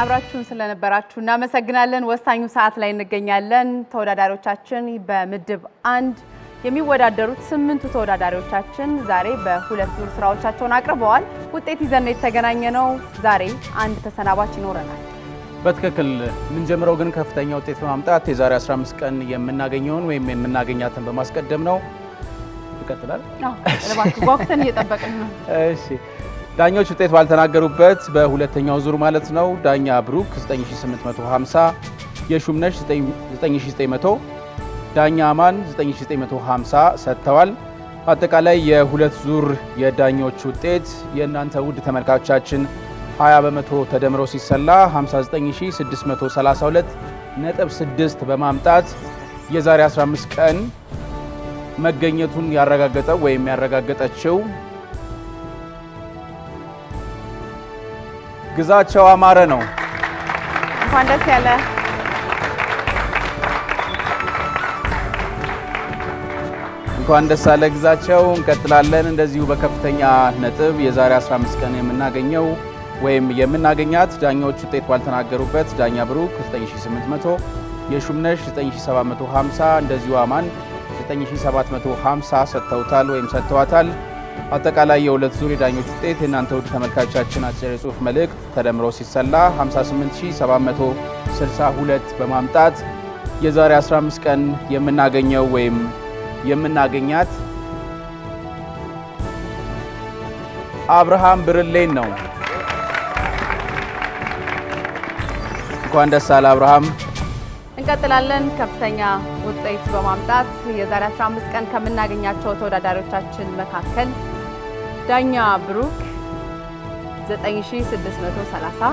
አብራችሁን ስለነበራችሁ እናመሰግናለን። ወሳኙ ሰዓት ላይ እንገኛለን። ተወዳዳሪዎቻችን በምድብ አንድ የሚወዳደሩት ስምንቱ ተወዳዳሪዎቻችን ዛሬ በሁለት ዙር ስራዎቻቸውን አቅርበዋል። ውጤት ይዘን የተገናኘ ነው። ዛሬ አንድ ተሰናባች ይኖረናል። በትክክል የምንጀምረው ግን ከፍተኛ ውጤት በማምጣት የዛሬ 15 ቀን የምናገኘውን ወይም የምናገኛትን በማስቀደም ነው። ይቀጥላል። ጓጉተን እየጠበቅን ነው። እሺ ዳኞች ውጤት ባልተናገሩበት በሁለተኛው ዙር ማለት ነው ዳኛ ብሩክ 9850 የሹምነሽ 9900 ዳኛ አማን 9950 ሰጥተዋል። አጠቃላይ የሁለት ዙር የዳኞች ውጤት የእናንተ ውድ ተመልካቾቻችን 20 በመቶ ተደምሮ ሲሰላ 59632 ነጥብ 6 በማምጣት የዛሬ 15 ቀን መገኘቱን ያረጋገጠው ወይም ያረጋገጠችው ግዛቸው አማረ ነው። እንኳን ደስ ያለ እንኳን ደስ አለ ግዛቸው። እንቀጥላለን። እንደዚሁ በከፍተኛ ነጥብ የዛሬ 15 ቀን የምናገኘው ወይም የምናገኛት ዳኛዎች ውጤት ባልተናገሩበት ዳኛ ብሩክ 9800፣ የሹምነሽ 9750፣ እንደዚሁ አማን 9750 ሰጥተውታል ወይም ሰጥተዋታል። አጠቃላይ የሁለት ዙር የዳኞች ውጤት የእናንተ ውድ ተመልካቻችን አጭር የጽሁፍ መልእክት ተደምሮ ሲሰላ 58762 በማምጣት የዛሬ 15 ቀን የምናገኘው ወይም የምናገኛት አብርሃም ብርሌን ነው። እንኳን ደስ አለ አብርሃም። እንቀጥላለን ከፍተኛ ውጤት በማምጣት የዛሬ 15 ቀን ከምናገኛቸው ተወዳዳሪዎቻችን መካከል ዳኛ ብሩክ 9630፣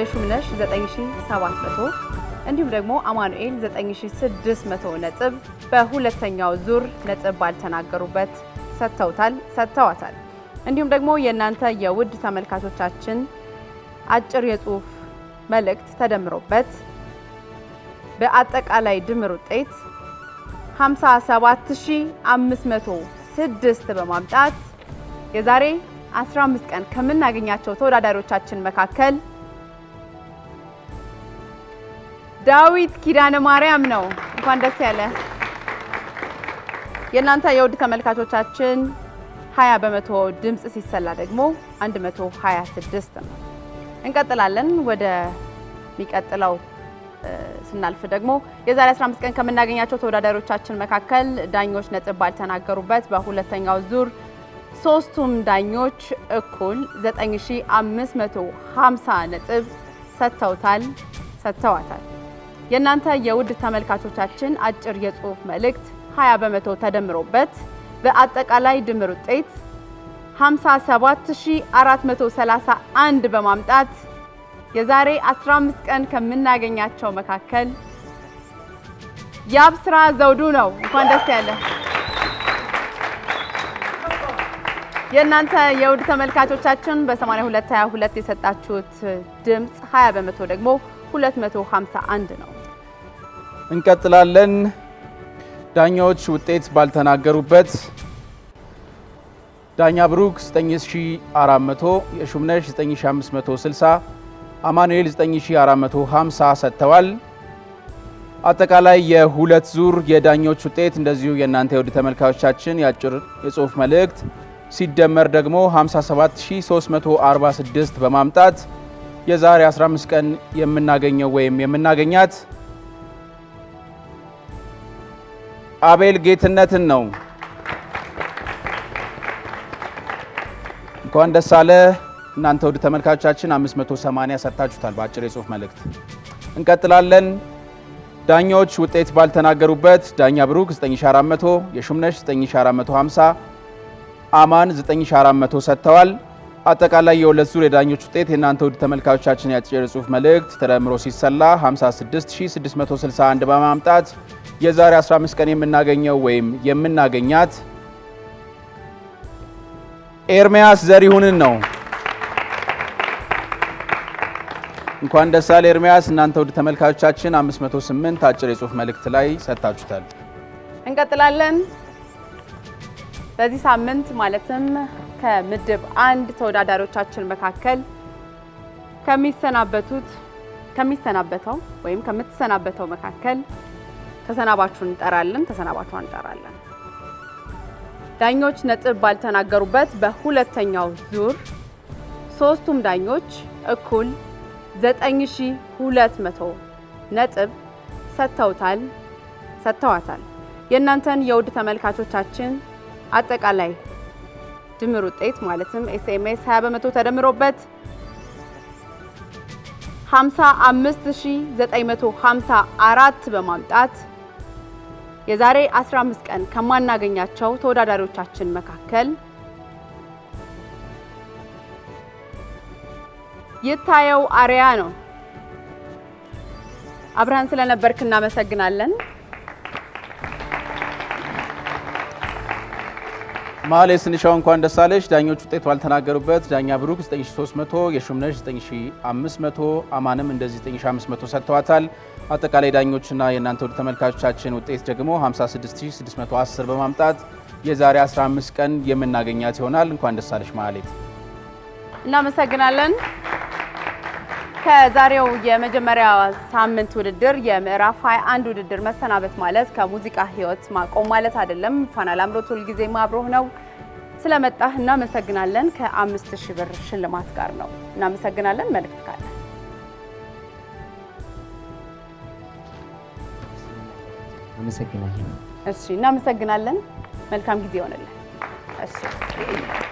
የሹምነሽ 9700 እንዲሁም ደግሞ አማኑኤል 9600 ነጥብ በሁለተኛው ዙር ነጥብ ባልተናገሩበት ሰጥተውታል ሰጥተዋታል። እንዲሁም ደግሞ የእናንተ የውድ ተመልካቾቻችን አጭር የጽሁፍ መልእክት ተደምሮበት በአጠቃላይ ድምር ውጤት 57506 በማምጣት የዛሬ 15 ቀን ከምናገኛቸው ተወዳዳሪዎቻችን መካከል ዳዊት ኪዳነ ማርያም ነው። እንኳን ደስ ያለ። የእናንተ የውድ ተመልካቾቻችን 20 በመቶ ድምፅ ሲሰላ ደግሞ 126 ነው። እንቀጥላለን ወደ ሚቀጥለው ስናልፍ ደግሞ የዛሬ 15 ቀን ከምናገኛቸው ተወዳዳሪዎቻችን መካከል ዳኞች ነጥብ ባልተናገሩበት በሁለተኛው ዙር ሶስቱም ዳኞች እኩል 9550 ነጥብ ሰጥተውታል ሰጥተዋታል። የእናንተ የውድ ተመልካቾቻችን አጭር የጽሁፍ መልእክት 20 በመቶ ተደምሮበት በአጠቃላይ ድምር ውጤት 57431 በማምጣት የዛሬ 15 ቀን ከምናገኛቸው መካከል የአብስራ ዘውዱ ነው። እንኳን ደስ ያለ። የእናንተ የውድ ተመልካቾቻችን በ8222 የሰጣችሁት ድምፅ 20 በመቶ ደግሞ 251 ነው። እንቀጥላለን። ዳኛዎች ውጤት ባልተናገሩበት ዳኛ ብሩክ 9400፣ የሹምነሽ 9560 አማኑኤል 9450 ሰጥተዋል። አጠቃላይ የሁለት ዙር የዳኞች ውጤት እንደዚሁ የእናንተ የውድ ተመልካዮቻችን የአጭር የጽሁፍ መልእክት ሲደመር ደግሞ 57346 በማምጣት የዛሬ 15 ቀን የምናገኘው ወይም የምናገኛት አቤል ጌትነትን ነው። እንኳን ደስ አለ። እናንተ ውድ ተመልካቾቻችን 580 ሰርታችሁታል በአጭር የጽሁፍ መልእክት። እንቀጥላለን። ዳኛዎች ውጤት ባልተናገሩበት ዳኛ ብሩክ 9400፣ የሹምነሽ 9450፣ አማን 9400 ሰጥተዋል። አጠቃላይ የሁለት ዙር የዳኞች ውጤት የእናንተ ውድ ተመልካቾቻችን የአጭር ጽሁፍ መልእክት ተደምሮ ሲሰላ 56661 በማምጣት የዛሬ 15 ቀን የምናገኘው ወይም የምናገኛት ኤርሚያስ ዘሪሁንን ነው። እንኳን ደስ አለ ኤርሚያስ። እናንተ ውድ ተመልካቾቻችን 508 አጭር የጽሁፍ መልእክት ላይ ሰጥታችሁታል። እንቀጥላለን። በዚህ ሳምንት ማለትም ከምድብ አንድ ተወዳዳሪዎቻችን መካከል ከሚሰናበቱት ከሚሰናበተው ወይም ከምትሰናበተው መካከል ተሰናባችሁን እንጠራለን ተሰናባቹን እንጠራለን። ዳኞች ነጥብ ባልተናገሩበት በሁለተኛው ዙር ሶስቱም ዳኞች እኩል መቶ ነጥብ ሰጥተውታል ሰጥተዋታል። የእናንተን የውድ ተመልካቾቻችን አጠቃላይ ድምር ውጤት ማለትም ኤስኤምኤስ 20 በመቶ ተደምሮበት 55954 በማምጣት የዛሬ 15 ቀን ከማናገኛቸው ተወዳዳሪዎቻችን መካከል ይታየው አሪያ ነው። አብርሃን ስለነበርክ እናመሰግናለን። ማሌ ስንሻው እንኳን ደስ አለሽ። ዳኞች ውጤቱ አልተናገሩበት። ዳኛ ብሩክ 9300፣ የሹምነሽ 9500፣ አማንም እንደዚህ 9500 ሰጥተዋታል። አጠቃላይ ዳኞችና የእናንተ ወደ ተመልካቾቻችን ውጤት ደግሞ 56610 በማምጣት የዛሬ 15 ቀን የምናገኛት ይሆናል። እንኳን ደስ አለሽ እናመሰግናለን። ከዛሬው የመጀመሪያ ሳምንት ውድድር የምዕራፍ 21 ውድድር መሰናበት ማለት ከሙዚቃ ህይወት ማቆም ማለት አይደለም። ፋና ላምሮት ሁልጊዜ አብሮህ ነው። ስለመጣህ እናመሰግናለን። ከአምስት ሺህ ብር ሽልማት ጋር ነው። እናመሰግናለን። መልእክት ካለ አመሰግናለሁ። እሺ፣ እናመሰግናለን። መልካም ጊዜ ይሆንልን። እሺ